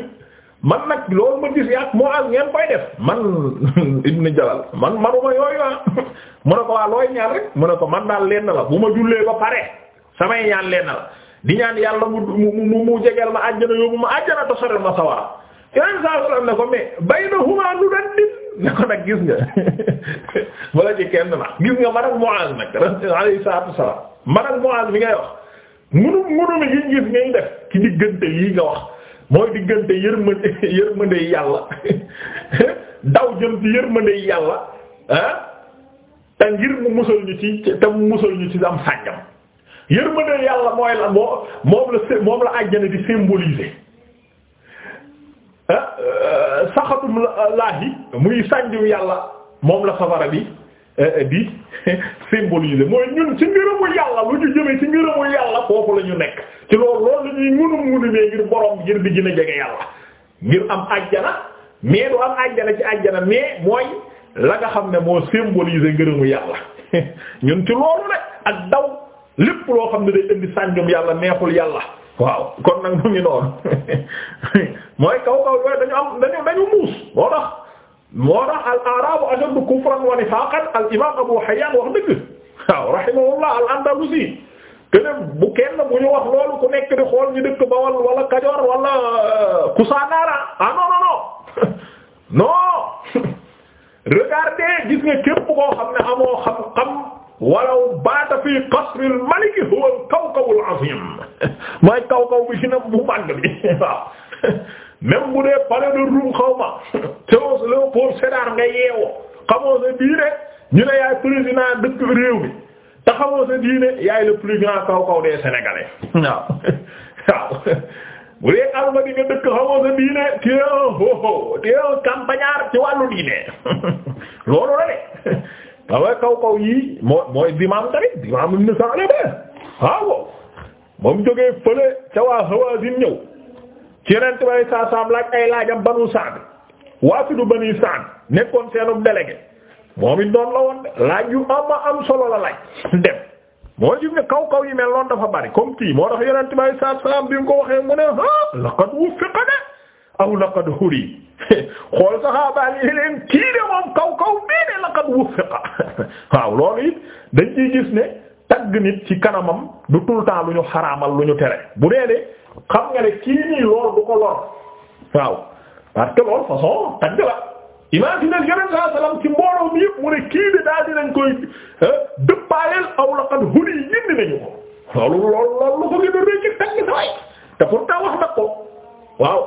man nag loolu ma gis yaat moo am ngeen koy def man ibnu jalal man manuma yooyu ah mu ne ko waa looy ñaar rek mu ne ko man leen na la bu ma jullee ba pare samay ñaan lenn la di ñaan yàlla mu mu mu jegeel ma àjjana yóbbu ma àjjana tosoreel ma sawara yeneen saa ne ko mais baynahuma lu dan dit *laughs* ne ko nag gis nga bala *laughs* ci kenn nag gis nga man ak Muaz nag alayhi salaatu wassalaam man ak Muaz mi ngay wax munum munum yi gis ngay def ci diggante yi nga wax mooy diggante yërmande *laughs* yërmande yàlla daw jëm ci yërmande yàlla ah te ngir mu musal ñu ci te mu musal ñu ci am sànjam yërmande yàlla mooy la moo moom la moom la àjjana di symboliser Euh, saxatum euh, laahi muy sànjum yàlla moom la safara bi euh, di *laughs* symboliser mooy ñun ci ngërëmu yàlla lu ñu jëmee ci ngërëmu yàlla foofu la ñu nekk ci loolu loolu la ñuy munum munumee ngir borom ngir di gën a jege yàlla ngir am ajjana mais du am ajjana ci ajjana mais mooy la nga xam ne moo symboliser ngërëmu yàlla *laughs* ñun ci loolu rek ak daw lépp loo xam ne day indi sànjum yàlla neexul yàlla waaw kon nag mu ngi *laughs* mooy kaw kaw dañu am dañu dañu muus moo tax moo tax wa nifaqan al imam Abu Hayyan wax dëgg waaw al andalusi keneen bu bu ñu wax loolu ku nekk di xool ñu dëkk wala Kajoor wala euh, Kusaanaara ah non non non *laughs* non *laughs* regardez gis nga képp koo xam walaw baata fii qasri al-malik huwa al-kawkabu al-azim *laughs* mooy kawkaw bi gën a bu màgg bi *laughs* waaw *laughs* même dee palais de Rome xaw ma Théodore Léopold nga yeewoo xamoo sa diine ñu ne yaay président dëkk réew te xamoo sa diine yaay le plus grand kawkaw des sénégalais waaw bu dee alma di dëkk xamoo sa diine tu es un hoho tu es un diine loolu la de. waaw ah kaw kaw yii moo mooy dimaam tamit dimaam ibn Sa'laba ah waaw ba mu jógee fële ca waa Hawaazin ñëw ci yeneen tubaab yi saa saam laaj ay laajam banu Sa'd waafidu bani Sa'd nekkoon seenu délégué moom it noonu la woon laaj yu ama am solo la laaj dem moo gis ne kaw kaw yi mel noon dafa bari comme kii moo tax yeneen tubaab yi saam bi mu ko waxee mu ne ah laqad wuffiqa aw laqad huri xool saxaabaa yi leen kii de moom kaw kaw bii de laqad wufiqa waaw loolu it dañ ciy gis ne tagg nit ci kanamam du tout le temps lu ñu xaraamal lu ñu tere bu dee de xam nga ne kii nii du ko lor waaw parce que façon tagg la. imaginez yeneen saa ci mbooloo yëpp mu ne kii de daal dinañ koy euh, dëppaaleel aw laqad huri yindi nañu ko loolu lu ko gën a rëcc tagg sa way te pourtant wax na ko. waaw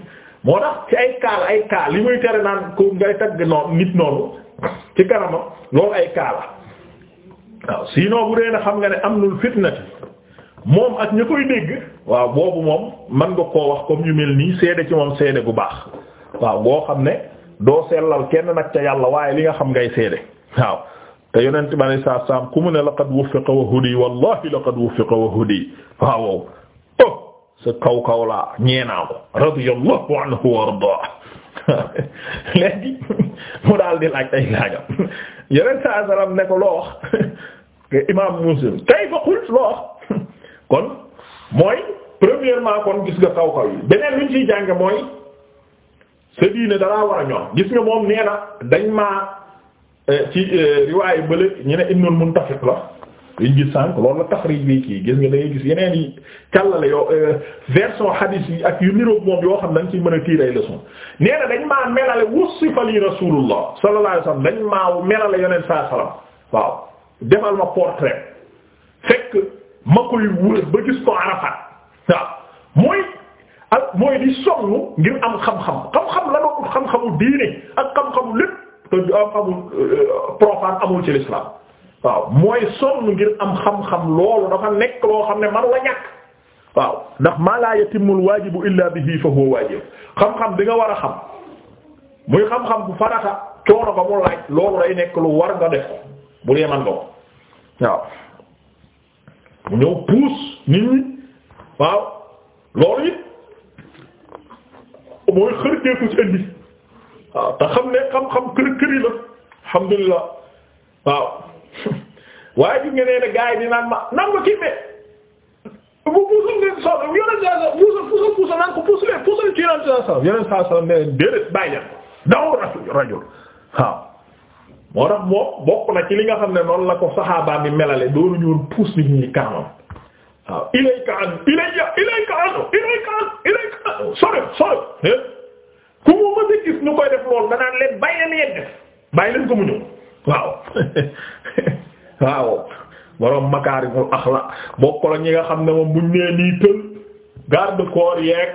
*laughs* moo tax ci ay kaal ay kaal li muy tere naan ko ngay tagg noonu nit noonu *laughs* ci kanama loolu ay kaala waaw sinon bu dee na xam nga ne am nul fitnati moom ak ña koy dégg waaw boobu moom mën nga koo wax comme ñu mel nii seede ci moom seede bu baax waaw boo xam ne doo sellal kenn nag ca yàlla waaye li nga xam ngay seede waaw te yonent bi saa alayhi wasallam ku mu ne laqad wuffiqa wa hudi wallahi laqad wuffiqa wa hudi waaw sa kaw kaw laa ñeenaa ko radiyallahu anhu wa ardaa léegi mu daal di laaj ay laajam yeneen saa salaam ne ko loo wax imaam muslim kayfa qult loo wax kon mooy premièrement kon gis nga kaw kaw yi beneen luñ ciy jànge mooy sa diine dalaa war a ñoom gis nga moom nee dañ maa eh, ci eh, riwaayu bële ñu ne la liñ gis sànq loolu la taxrij bi kii gis nga da ngay gis yeneen yi càllale yoo euh, version hadith ak yu niroog moom yoo xam dañ ciy mën a tiir ay leçon nee na dañ maa melale wussifa li rasulullah sallallahu alayhi wasallam dañ maa melale yonent saa salam waaw ma portrait fekk ma koy wër ba gis ko Arafat waaw mooy ak mooy di ngir am xam-xam xam-xam la doon xam-xamu ak xam-xamu lépp te am amul euh, profane ci l'islam waaw mooy sonn ngir am xam-xam loolu dafa nekk loo xam ne man la ñàkk waaw ndax maa laa yatimul waajibu illaa bihi fa huwa waajib xam-xam bi nga war a xam muy xam-xam bu farata coono ba mu laaj loolu day nekk lu war nga def bu dee man ko waaw mu ñëw puus nit ñi waaw loolu it mooy xërkeeku ci indi waaw te xam ne xam-xam kër këri la alhamdulillah waaw *laughs* waaye gis nga nee ne gars yi di naan ma naan ma kiibe bu puusal leen soxla yoneen saa sa puusal puusal puusal naan ko puusalee puusal ci yoneen saa sa yoneen saa sa ne déedéet bàyyi leen daw rajul rajul waaw moo tax moom bokk na ci li nga xam ne noonu la ko saxaabaa bi melale doonu ñëwoon puus nit ñi kanamam waaw ilayka an ilayya ilayka an ilayka an ilayka an sori sori ku mu mën a gis ñu koy def loolu danaan leen bàyyi leen yeen def bàyyi leen ko mu ñëw waaw *laughs* waaw borom makaarimul axlaq bokk la ñi nga xam ne moom buñ nee nii tël garde corps yeeg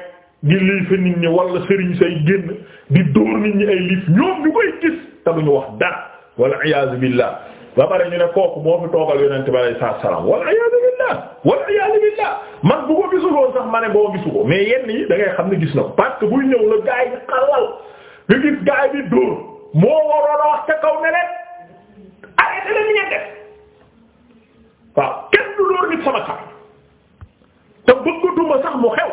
di liife nit ñi wala sëriñ say génn di dóor nit ñi ay liif ñoom ñu koy gis te duñu wax dara wal iyaazu billah ba pare ñu ne kooku moo fi toogal yonente bi alayhi salaatu salaam wal iyaazu billah wal iyaazu billah man bu ko gisuloon sax ma ne boo gisu ko mais yenn yi da xam ne gis na ko parce buy ñëw la gaay yi xalal nga gis gaay bi dóor moo waroon te la waaw kenn du loolu nit sama sax te bëggatuma sax mu xew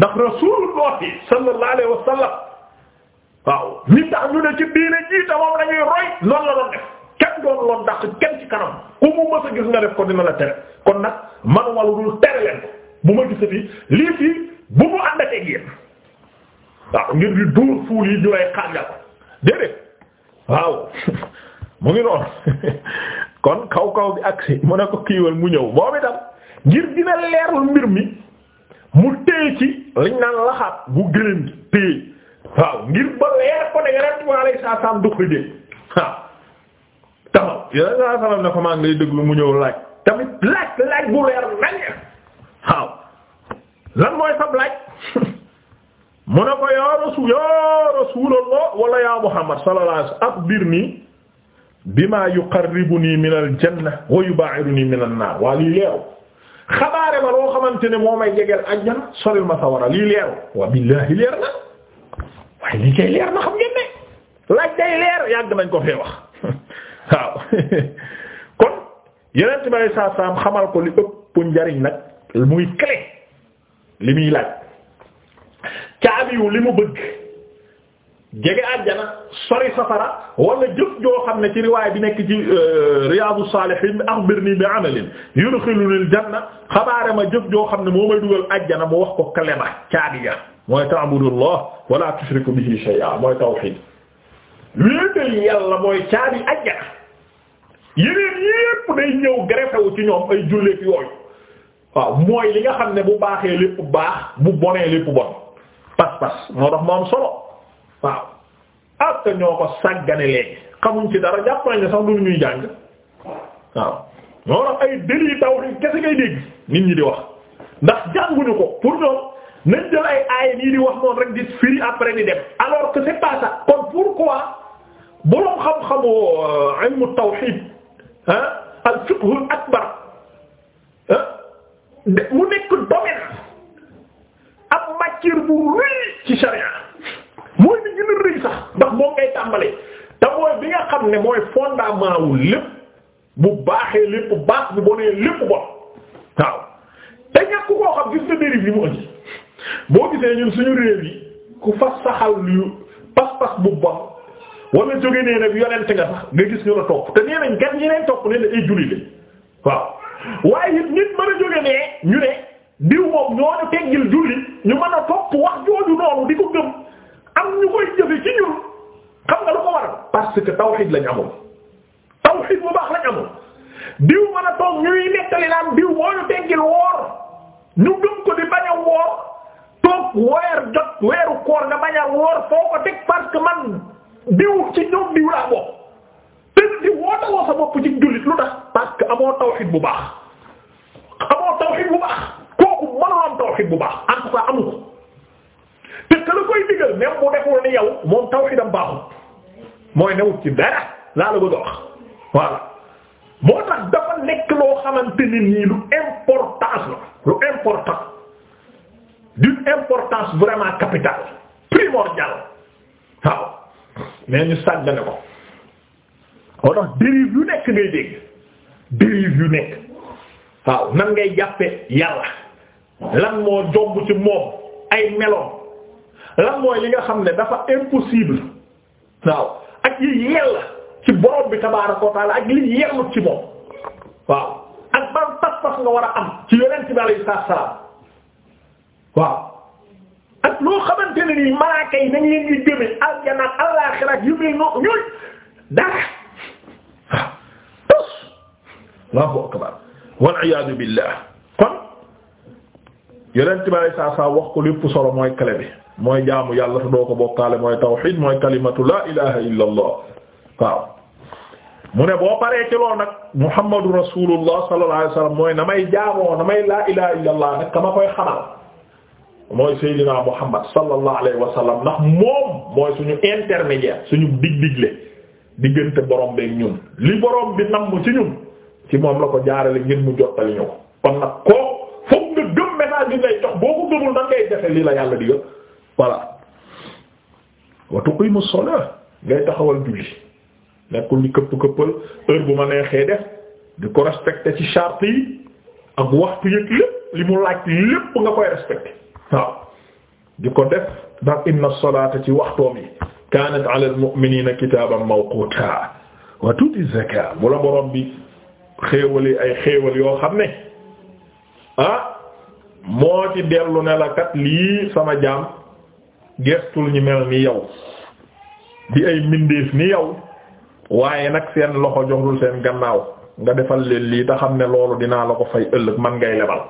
ndax rasulullahi sallallahu alayhi waaw mi tax ñu ne ci diine jiita moom la ñuy roy noonu la doon def kenn doon loon ndax kenn ci kanam ku mu mës gis nga def ko dina la tere kon nag man wàllu dul tere leen ko bu ma gisati lii fii bu mu àndateeg yéen waaw ngir di dóor fuul yi ñu lay xaajal déedéet waaw *laughs* mu ngi noonu kon kaw kaw bi agsi mu ne ko kiiwal mu ñëw moom itam ngir dina leerul mbir mi mu téye ci liñ naan laxaat bu gëléem gi téye waaw ngir ba leer ko ne yonent bi alayhi salaam du ko dégg waaw taxaw yonent bi alayhi ne ko maa ngi lay déglu mu ñëw laaj tamit laaj laaj bu leer nañ waaw lan mooy fab laaj *laughs* mu ne ko yaa rasul yaa rasulallah wala yaa muhammad sallallahu alayhi wasallam akhbirni bima yuqarribuni min aljanna wa yubaa'iduni min annaar waa lii leeru xabaare ma loo xamante ne moo may jegeel so soril ma sawara lii leeru waa billaahi leer na waaye lii kay leer na xam ngeen ne leer yàgg nañ ko fee wax *laughs* waaw *laughs* kon yeneen bi alei saatu xamal ko li ëpp njariñ nag muy clé li muy laaj caabi yu li mu bëgg jege àjjana sori safara wala jëf joo xam ne ci riwaay bi nekk ci euh, riyaadu saalihiin bi axbirnii bi amalin yudxilunii al-janna xabaare ma jëf joo xam ne moo may dugal àjjana mu wax ko kalima caadiya mooy ta'budullah wala tushriku bihi mooy tawhiid wéetal mooy caabi àjjana yeneen yépp day ñëw greffé wu ci ñoom ay jullit yooyu mooy li nga xam ne bu baaxee lépp baax bu bonee lépp bon pas-pas moo tax moom solo. waaw ak ah, ñoo ko sàggane léegi xamuñ ci dara jàpp nañ ne sax du ñuy jàng waaw ñoo tax ay délits tawhid kese ngay dégg nit ñi di wax ndax jànguñu ko pour ñoom nañ jël ay aaya nii di wax noonu rek di firi après dem alors que c'est pas ça kon pourquoi boroom xam-xamu euh, ilmu tawhid ah al fiqhul akbar ah mu nekk domaine ab matière bu ci charia mooy bi gën a rëy sax ndax moom ngay tàmbalee te mooy bi nga xam ne mooy fondement wu lépp bu baaxee lépp baax bu bonee lépp bon waaw te ñàkk koo xam gis nga dérive yi mu indi boo gisee ñun suñu réew yi ku fas saxal lu pas-pas bu bon wala jóge nee nag yonent nga sax nga gis ñu la topp te nee nañ gan ñi leen julli lañ waaw waaye it nit mën a jóge nee ñu ne diw moom ñoo ñu teggil julli ñu mën parce que tawhid lañ amul tawhid bu baax lañ amul diw mën a toog ñuy nettali naan diw moo ñu teggil woor ñu gëm di bañ a woor toog weer jot weeru koor nga bañ a woor foo ko teg parce que man diw ci ñoom diw laa bopp te di wootawoo sa bopp ci jullit lu tax parce que amoo tawhid bu baax amoo tawhid bu baax kooku mënul am tawhid bu baax en tout cas te ka la koy digal même bu deful ni yow moom tawhidam baaxul mooy newut ci dara laa la bëgg a wax voilà moo tax dafa nekk loo xamante ne nii lu importance la lu important d'une importance vraiment capitale primordiale waaw mais ñu sàggane ko moo tax dérive yu nekk ngay dégg dérive yu nekk waaw nan ngay jàppe yàlla lan moo jomb ci moom ay meloom lan mooy li nga xam ne dafa impossible waaw ak yi yell ci borom bi tabaaraka wa taala ak li yellut ci moom waaw ak ban pas-pas nga war a am ci yonent bi alayhi salaam waaw ak loo xamante ne nii malaaka yi nañ leen di gëme aljana ak alaaxira yu mel noonu ñooy dara Allahu akbar wal iyaadu billah kon yonent bi alayhi salaam wax ko lépp solo mooy clé bi. mooy jaamu yàlla te doo ko bokkaale mooy tawxiid mooy kalimatu laa ilaha illa allah waaw mu ne boo paree ci nag mu rasulullah sallallahu alayhi wasallam mooy na may jaamoo na may laa ilaha illa allah nag kama koy xamal mooy seydina muhammad sallallahu alayhi wasallam ndax moom mooy suñu intermédiaire suñu dig diggante borom beeg ñun li borom bi namm ci ñun ci moom la ko jaarale ngir mu jottali ñu kon nag koo foog nga gëm message bi ngay jox boo ko gëmul nan ngay defe lii la yàlla digal voilà wa tuqimu salat ngay taxawal julli nekkul li këpp këppal heure bu ma neexee def di ko respecté ci charte yi ak waxtu yëg lépp li mu laaj lépp nga koy respecté waaw di ko def ndax inna salata ci waxtoom yi kanat ala al mu'minina kitaban mawquta wa tuti zakat bu la borom bi xéewali ay xéewal yoo xam ne ah moo ci dellu ne la kat lii sama jaam gestul ñu mel ni yow di ay mbindeef ni yow waaye nag seen loxo joxul seen gannaaw nga defal leen lii te xam ne loolu dinaa la ko fay ëllëg man ngay lebal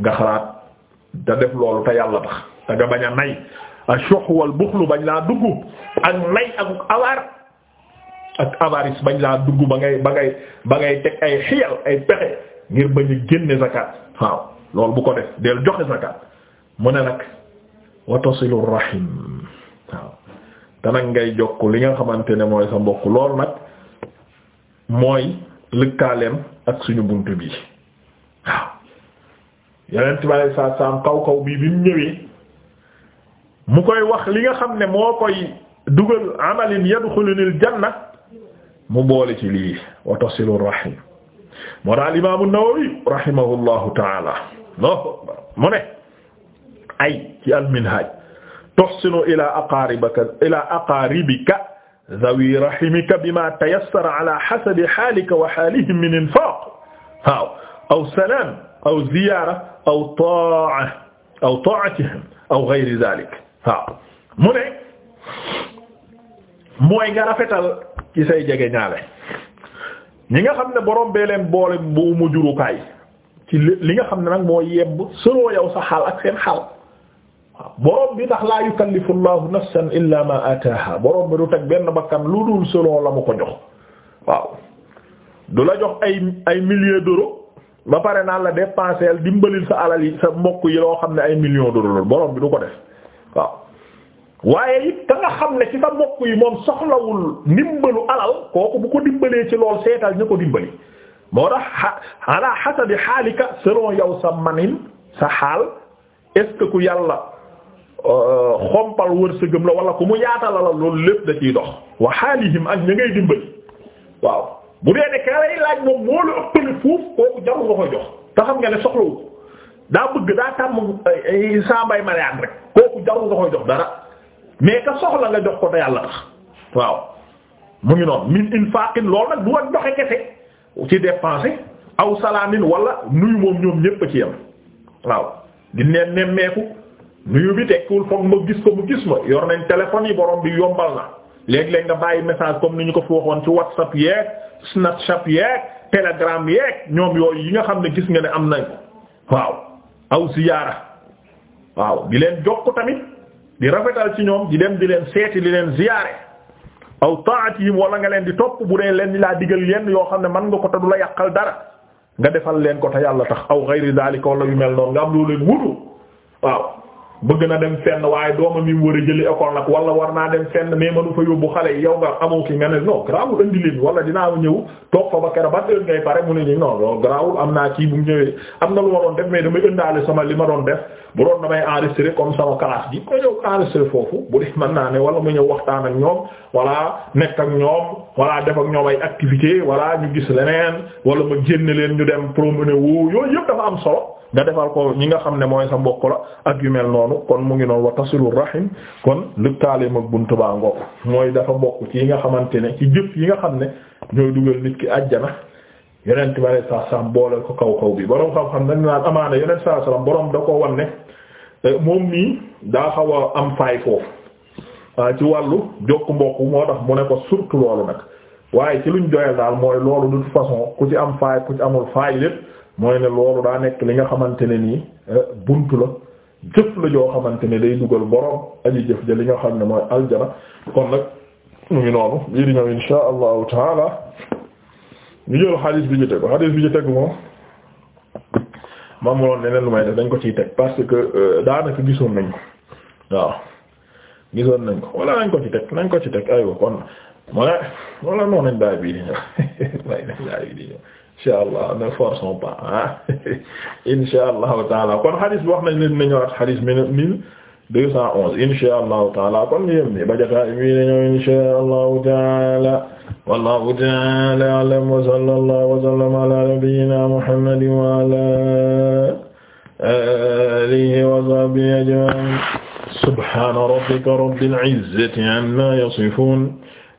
nga xalaat te def loolu te yàlla tax te nga bañ a nay a sox wal buxlu bañ laa dugg ak nay ak awaar ak avarice bañ laa dugg ba ngay ba ngay ba ngay teg ay xiyal ay pexe ngir bañ a génne zakat waaw loolu bu ko def del joxe zakat mu ne nag wa tasilu rahim waaw te nag ngay jokk li nga xamante ne mooy sa mbokk loolu nag mooy lëkkaaleem ak suñu bunt bi waaw yeneen bi alei saatu salaam kaw kaw bii bi mu ñëwee mu koy wax li nga xam ne moo koy dugal amalin yadxulunil janna mu boole ci lii wa tasilu rahim moo daal imaamu Nawawi rahimahullahu taala mu ne ay ci alminhaj tuhsinu ila aqaribaka ila aqaribika dhawi rahimika bima tayassara ala hasabi halika wa halihim min infaq waaw aw salam aw ziyara aw ta'a aw ta'atihim aw ghayri dhalik waaw mu ne mooy nga rafetal ci say jege ñaale ñi nga xam ne borom bee leen boole bu mu jurukaay ci li nga xam ne nag moo yebb solo yow sa xaal ak seen xaal waaw borom bi ndax laa yukallifu llahu nafsan illa ma ataaha borom bi du teg benn bakkan lu dul selon la mu ko jox waaw du la jox ay ay milliers d'euros ba pare naan la dépenseel dimbalil sa alal yi sa mbokk yi loo xam ne ay millions d'euros loolu borom bi du ko def waaw waaye it ka nga xam ne ci sa mbokk yi moom soxlawul ndimbalu alal kooku bu ko dimbalee ci lool seetal ñu ko dimbali moo tax ala hasabi xaalika selon yow sa manin sa xaal est yàlla Euh, xompal wërsëgam la wala ku mu yaatal la loolu lépp da ciy dox wa ak ña ngay dimbali waaw bu dee ne ka laaj moom moo la ëppale fuuf kooku jaru nga koy jox te xam nga ne soxlawu daa bëgg daa tàmm saa mariyaan rek kooku jaru nga koy jox dara mais ka soxla nga jox ko te yàlla tax waaw mu ngi noonu min infaqin loolu nag du ak doxe kese ci dépenser aw salaamin wala nuyu moom ñoom ñépp a ci yam waaw di neen nemmeeku nuyu bi tekkiwul foog ma gis ko mu gis ma yor nañ téléphone yi borom bi yombal na léeg-léeg nga bàyyi message comme ni ñu ko fi waxoon ci whatsapp yeeg snapchat yeeg telegram yeeg ñoom yooyu yi nga xam ne gis nga ne am nañ ko waaw aw ziyaara waaw di leen jokk tamit di rafetal ci ñoom di dem di leen seeti li leen ziyaare aw taatihim wala nga leen di topp bu dee leen di laa digal yenn yoo xam ne man nga ko te du la yàqal dara nga defal leen ko te yàlla tax aw xayri daalika wala yu mel noonu nga am waaw bëgg na dem fenn waaye doomam yi mu war a jëli école nag wala war naa dem fenn mais manu fa yóbbu xale yi yow nga amoo ki nga ne non garaawul andi leen wala dinaa ñëw toog ko ba kero ba heure ngay pare mu ne nii non non garaawul am naa kii bu mu ñëwee am na lu ma doon def mais damay ëndaale sama li ma doon def bu doon damay enregistrer comme sama classe bi ko ñëw enregistrer foofu bu dee mën naa ne wala mu ñëw waxtaan ak ñoom walaa nekk ak ñoom wala def ak ñoom ay activité wala ñu gis leneen wala ma génne leen ñu dem promener wu yooyu yëpp am solo nga defal ko ñi nga xam ne mooy sa mbokk la ak yu mel noonu anhu kon mu ngi noonu wa tasilu rahim kon lëkkaaleem ak buntu baa ngoog mooy dafa bokk ci yi nga xamante ne ci jëf yi nga xam ne ñooy dugal nit ki àjjana yonent bi alayhi salaam boole ko kaw kaw bi boroom xam-xam dañ naan amaana yonent salaam boroom da ko wan eh, moom nii daa xaw a am faay foofu ah, ci wàllu jokk mbokk moo tax mu ne ko surtout loolu nag waaye ci luñ doyal daal mooy loolu de toute façon ku ci am faay ku ci amul faay lépp mooy ne daa nekk li nga xamante ne nii eh, buntu jëf la joo xamante ne day dugal borom aji jëf ja li nga xam ne mooy aljana kon nag mu ngi noonu bii di ñëw insha allahu taala ñu jël xadiis bi ñu tegu xadiis bi ñu tegu moom ma munoon leneen lu may def dañ ko ci teg parce que euh, daanaka gisoon nañ ko waaw gisoon nañ ko wala nañ ko ci teg nañ ko ci teg aywa kon mu ne wala noonu nañ daay bii di ñëw *laughs* may nañ daay bii di ñëw incha allah ne forçons pas ah *laughs* incha allahu taala kon xadis bi wax nañ leen ne ñëwaat xadis mille deux cent onze incha allahu taala kon ñu yem ni ba jotaay bi ne ñëw incha allahu taala wallahu taala a'lam wa sallallahu wa sallama ala nabiyyina muhammadin wa ala alihi wa sahbihi ajma'in subhana rabbika rabbil izzati amma yasifun